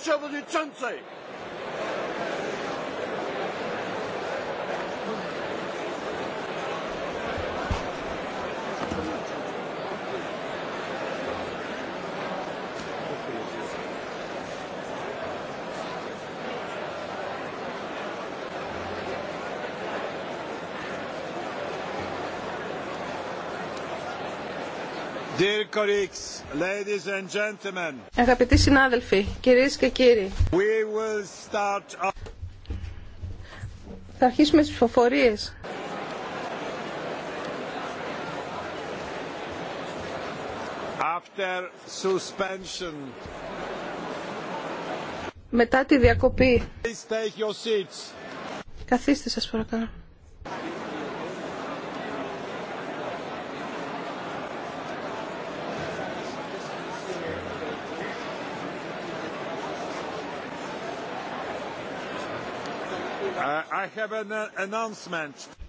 przewodniczącej! Dear colleagues, ladies and gentlemen. Αγαπητοί συνάδελφοι, κυρίες και κύριοι, We will start... θα αρχίσουμε τις ψηφοφορίες. After suspension. Μετά τη διακοπή. Please take your seats. Καθίστε σας παρακαλώ. Uh,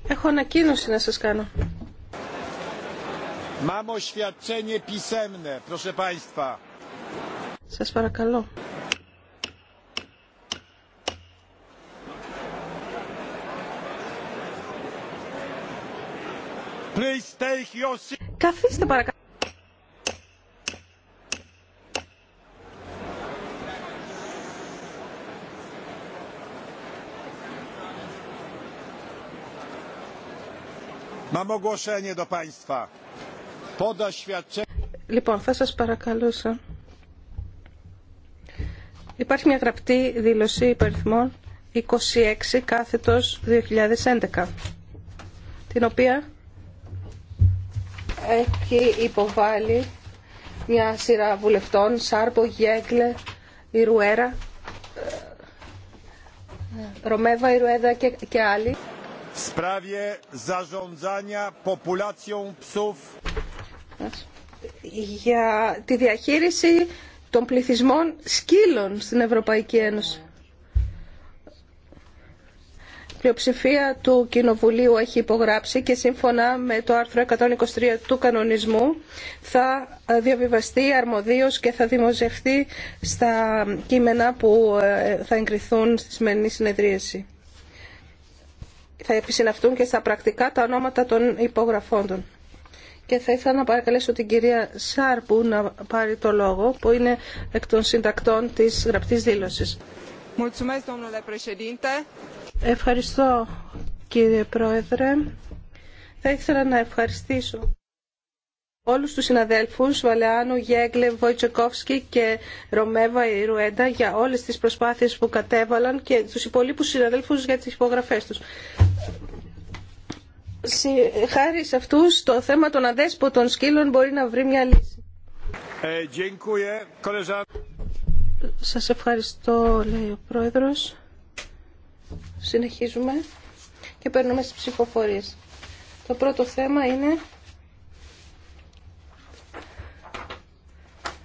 Έχω ανακοίνωση να σας κάνω. Μάμο Σας παρακαλώ. Καθίστε παρακαλώ. Λοιπόν, θα σας παρακαλούσα. Υπάρχει μια γραπτή δήλωση υπεριθμών 26 κάθετος 2011, την οποία έχει υποβάλει μια σειρά βουλευτών, Σάρπο, Γέγκλε, Ιρουέρα, ε, Ρωμέβα, Ιρουέδα και άλλοι για τη διαχείριση των πληθυσμών σκύλων στην Ευρωπαϊκή Ένωση. Η πλειοψηφία του Κοινοβουλίου έχει υπογράψει και σύμφωνα με το άρθρο 123 του κανονισμού θα διαβιβαστεί αρμοδίως και θα δημοσιευτεί στα κείμενα που θα εγκριθούν στη σημερινή συνεδρίαση θα επισυναυτούν και στα πρακτικά τα ονόματα των υπογραφών Και θα ήθελα να παρακαλέσω την κυρία Σάρπου να πάρει το λόγο, που είναι εκ των συντακτών της γραπτής δήλωσης. Ευχαριστώ κύριε Πρόεδρε. Θα ήθελα να ευχαριστήσω όλους τους συναδέλφους Βαλεάνου, Γέγλε, Βοητσεκόφσκι και Ρωμέβα Ιρουέντα για όλες τις προσπάθειες που κατέβαλαν και τους υπολείπους συναδέλφους για τις υπογραφές τους χάρη σε αυτού το θέμα των αδέσποτων σκύλων μπορεί να βρει μια λύση. Ε, Σας ευχαριστώ, λέει ο Πρόεδρος. Συνεχίζουμε και παίρνουμε στις ψηφοφορίες. Το πρώτο θέμα είναι